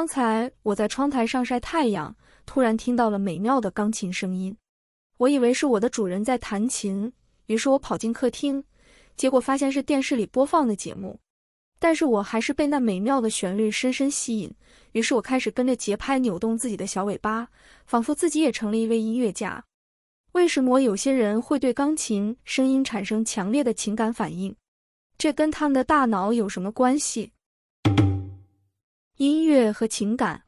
剛才我在窗台上曬太陽，突然聽到了美妙的鋼琴聲音，我以為是我的主人在彈琴，於是我跑進客廳，結果發現是電視裡播放的節目。但是我還是被那美妙的旋律深深吸引，於是我開始跟着節拍扭動自己的小尾巴，仿佛自己也成了一位音樂家。為什麼有些人會對鋼琴聲音產生強烈的情感反應？這跟他們的大腦有什麼關係？音樂和情感，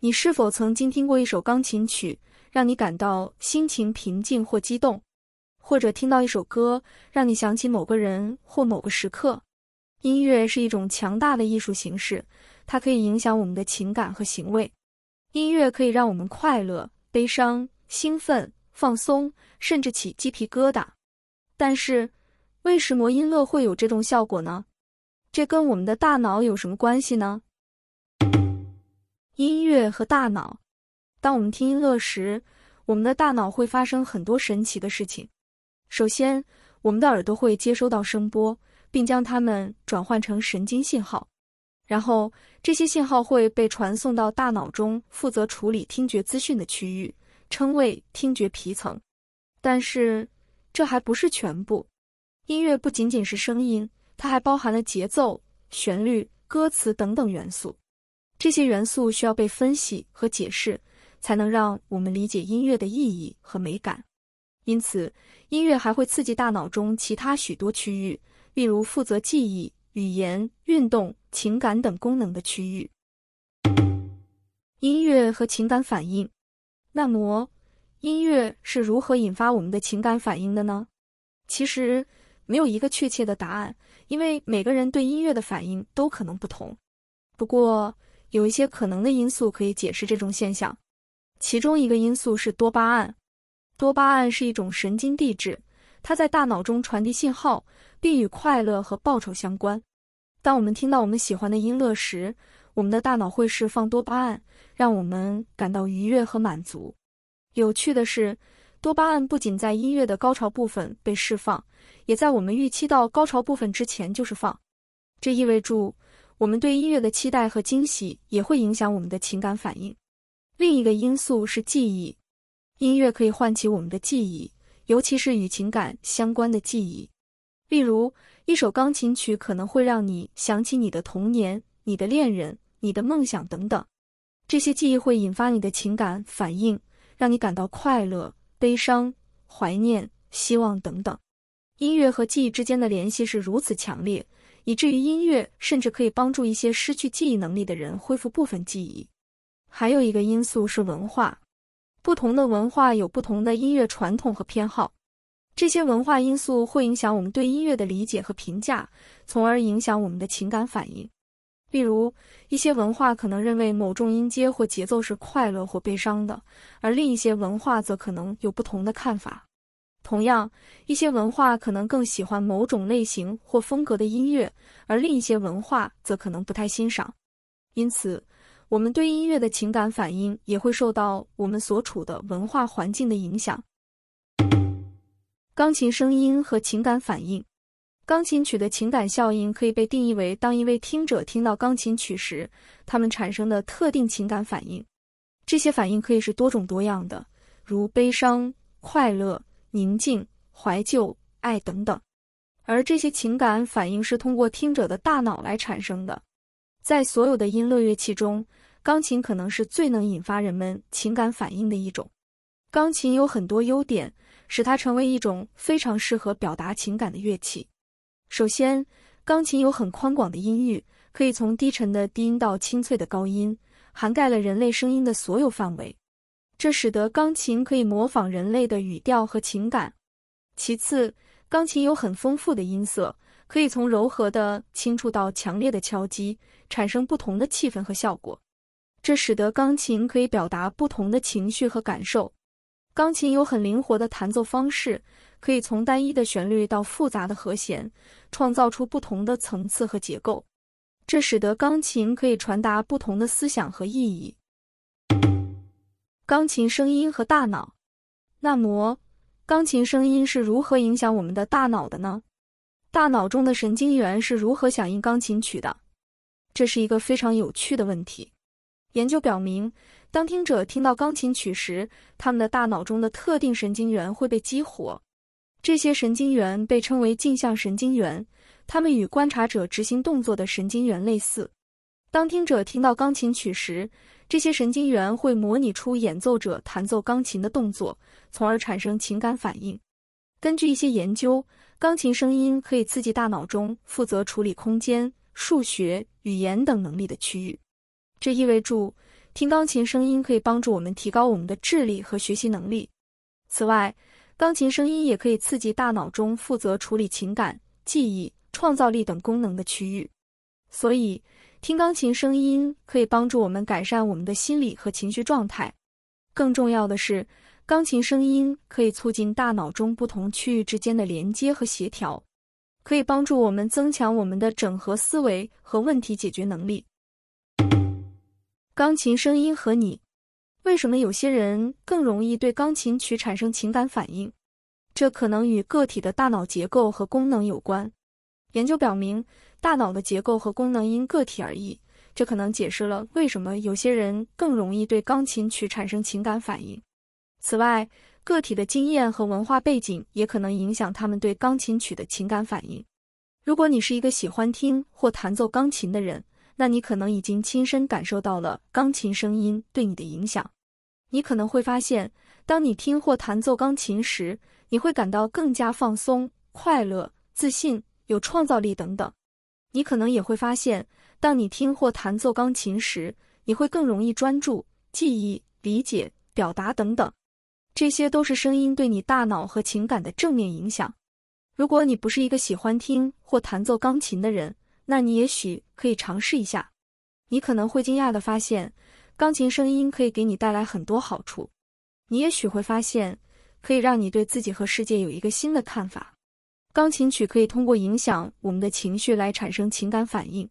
你是否曾經聽過一首鋼琴曲，讓你感到心情平靜或激動，或者聽到一首歌，讓你想起某個人或某個時刻？音樂是一種強大的藝術形式，它可以影響我們的情感和行為。音樂可以讓我們快樂、悲傷、興奮、放鬆，甚至起雞皮疙瘩。但是，為什麼音樂會有這種效果呢？這跟我們的大腦有什麼關係呢？音樂和大腦。當我們聽音樂時，我們的大腦會發生很多神奇的事情。首先，我們的耳朵會接收到聲波，並將它們轉換成神經信號。然後，這些信號會被傳送到大腦中負責處理聽覺資訊的區域，稱為聽覺皮層。但是，這還不是全部。音樂不僅僅是聲音，它還包含了節奏、旋律、歌詞等等元素。這些元素需要被分析和解釋，才能讓我們理解音樂的意義和美感。因此，音樂還會刺激大腦中其他許多區域，例如負責記憶、語言、運動、情感等功能的區域。音樂和情感反應，那麼音樂是如何引發我們的情感反應的呢？其實沒有一個確切的答案，因為每個人對音樂的反應都可能不同。不過，有一些可能的因素可以解釋這種現象，其中一個因素是多巴胺。多巴胺是一種神經遞質，它在大腦中傳遞信號，並與快樂和報酬相關。當我們聽到我們喜歡的音樂時，我們的大腦會釋放多巴胺，讓我們感到愉悅和滿足。有趣的是，多巴胺不僅在音樂的高潮部分被釋放，也在我們預期到高潮部分之前就釋放。這意味着，我們對音樂的期待和驚喜也會影響我們的情感反應。另一個因素是記憶，音樂可以喚起我們的記憶，尤其是與情感相關的記憶。例如，一首鋼琴曲可能會讓你想起你的童年、你的戀人、你的夢想等等。這些記憶會引發你的情感反應，讓你感到快樂、悲傷、懷念、希望等等。音樂和記憶之間的聯繫是如此強烈。以至於音樂甚至可以幫助一些失去記憶能力的人恢復部分記憶。還有一個因素是文化，不同的文化有不同的音樂傳統和偏好，這些文化因素會影響我們對音樂的理解和評價，從而影響我們的情感反應。例如，一些文化可能認為某種音階或節奏是快樂或悲傷的，而另一些文化則可能有不同的看法。同樣，一些文化可能更喜歡某種類型或風格的音樂，而另一些文化則可能不太欣賞。因此，我們對音樂的情感反應也會受到我們所處的文化環境的影響。鋼琴聲音和情感反應，鋼琴曲的情感效應可以被定義為當一位聽者聽到鋼琴曲時，他們產生的特定情感反應。這些反應可以是多種多樣的，如悲傷、快樂。寧靜、懷舊、愛等等，而這些情感反應是通過聽者的大腦來產生的。在所有的音樂樂器中，鋼琴可能是最能引發人們情感反應的一種。鋼琴有很多優點，使它成為一種非常適合表達情感的樂器。首先，鋼琴有很寬廣的音域，可以從低沉的低音到清脆的高音，涵蓋了人類聲音的所有範圍。這使得鋼琴可以模仿人類的語調和情感。其次，鋼琴有很豐富的音色，可以從柔和的輕觸到強烈的敲擊，產生不同的氣氛和效果。這使得鋼琴可以表達不同的情緒和感受。鋼琴有很靈活的彈奏方式，可以從單一的旋律到複雜的和弦，創造出不同的層次和結構。這使得鋼琴可以傳達不同的思想和意義。鋼琴聲音和大腦，那麼鋼琴聲音是如何影響我們的大腦的呢？大腦中的神經元是如何響應鋼琴曲的？這是一個非常有趣的問題。研究表明，當聽者聽到鋼琴曲時，他們的大腦中的特定神經元會被激活。這些神經元被稱為鏡像神經元，它們與觀察者執行動作的神經元類似。當聽者聽到鋼琴曲時，這些神經元會模擬出演奏者彈奏鋼琴的動作，從而產生情感反應。根據一些研究，鋼琴聲音可以刺激大腦中負責處理空間、數學、語言等能力的區域。這意味着聽鋼琴聲音可以幫助我們提高我們的智力和學習能力。此外，鋼琴聲音也可以刺激大腦中負責處理情感、記憶、創造力等功能的區域。所以，聽鋼琴聲音可以幫助我們改善我們的心理和情緒狀態。更重要的是，鋼琴聲音可以促進大腦中不同區域之間的連接和協調，可以幫助我們增強我們的整合思維和問題解決能力。鋼琴聲音和你，為什麼有些人更容易對鋼琴曲產生情感反應？這可能與個體的大腦結構和功能有關。研究表明，大腦的結構和功能因個體而異，這可能解釋了為什麼有些人更容易對鋼琴曲產生情感反應。此外，個體的經驗和文化背景也可能影響他們對鋼琴曲的情感反應。如果你是一個喜歡聽或彈奏鋼琴的人，那你可能已經親身感受到了鋼琴聲音對你的影響。你可能會發現，當你聽或彈奏鋼琴時，你會感到更加放鬆、快樂、自信、有創造力等等。你可能也會發現，當你聽或彈奏鋼琴時，你會更容易專注、記憶、理解、表達等等。這些都是聲音對你大腦和情感的正面影響。如果你不是一個喜歡聽或彈奏鋼琴的人，那你也許可以嘗試一下。你可能會驚訝地發現，鋼琴聲音可以給你帶來很多好處。你也許會發現，可以讓你對自己和世界有一個新的看法。鋼琴曲可以通過影響我們的情緒來產生情感反應。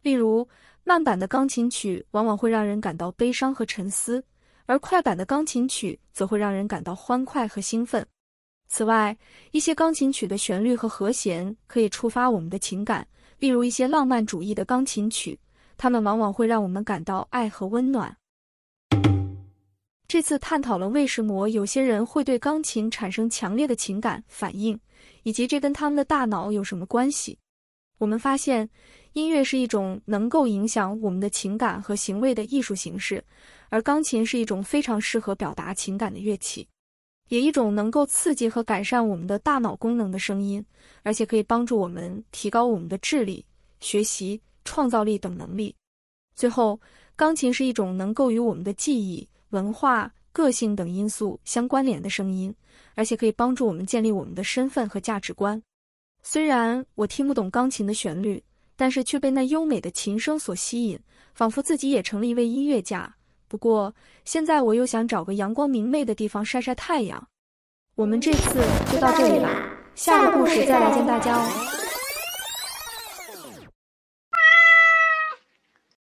例如，慢板的鋼琴曲往往會讓人感到悲傷和沉思，而快板的鋼琴曲則會讓人感到歡快和興奮。此外，一些鋼琴曲的旋律和和弦可以觸發我們的情感，例如，一些浪漫主義的鋼琴曲，它們往往會讓我們感到愛和溫暖。這次探討了為什麼有些人會對鋼琴產生強烈的情感反應，以及這跟他們的大腦有什麼關係。我們發現，音樂是一種能夠影響我們的情感和行為的藝術形式，而鋼琴是一種非常適合表達情感的樂器，也一種能夠刺激和改善我們的大腦功能的聲音，而且可以幫助我們提高我們的智力、學習、創造力等能力。最後，鋼琴是一種能夠與我們的記憶、文化、個性等因素相關聯的聲音，而且可以幫助我們建立我們的身份和價值觀。雖然我聽不懂鋼琴的旋律，但是卻被那優美的琴聲所吸引，仿佛自己也成了一位音樂家。不過，現在我又想找個陽光明媚的地方曬曬太陽。我們這次就到這裡了，下個故事再來見大家哦。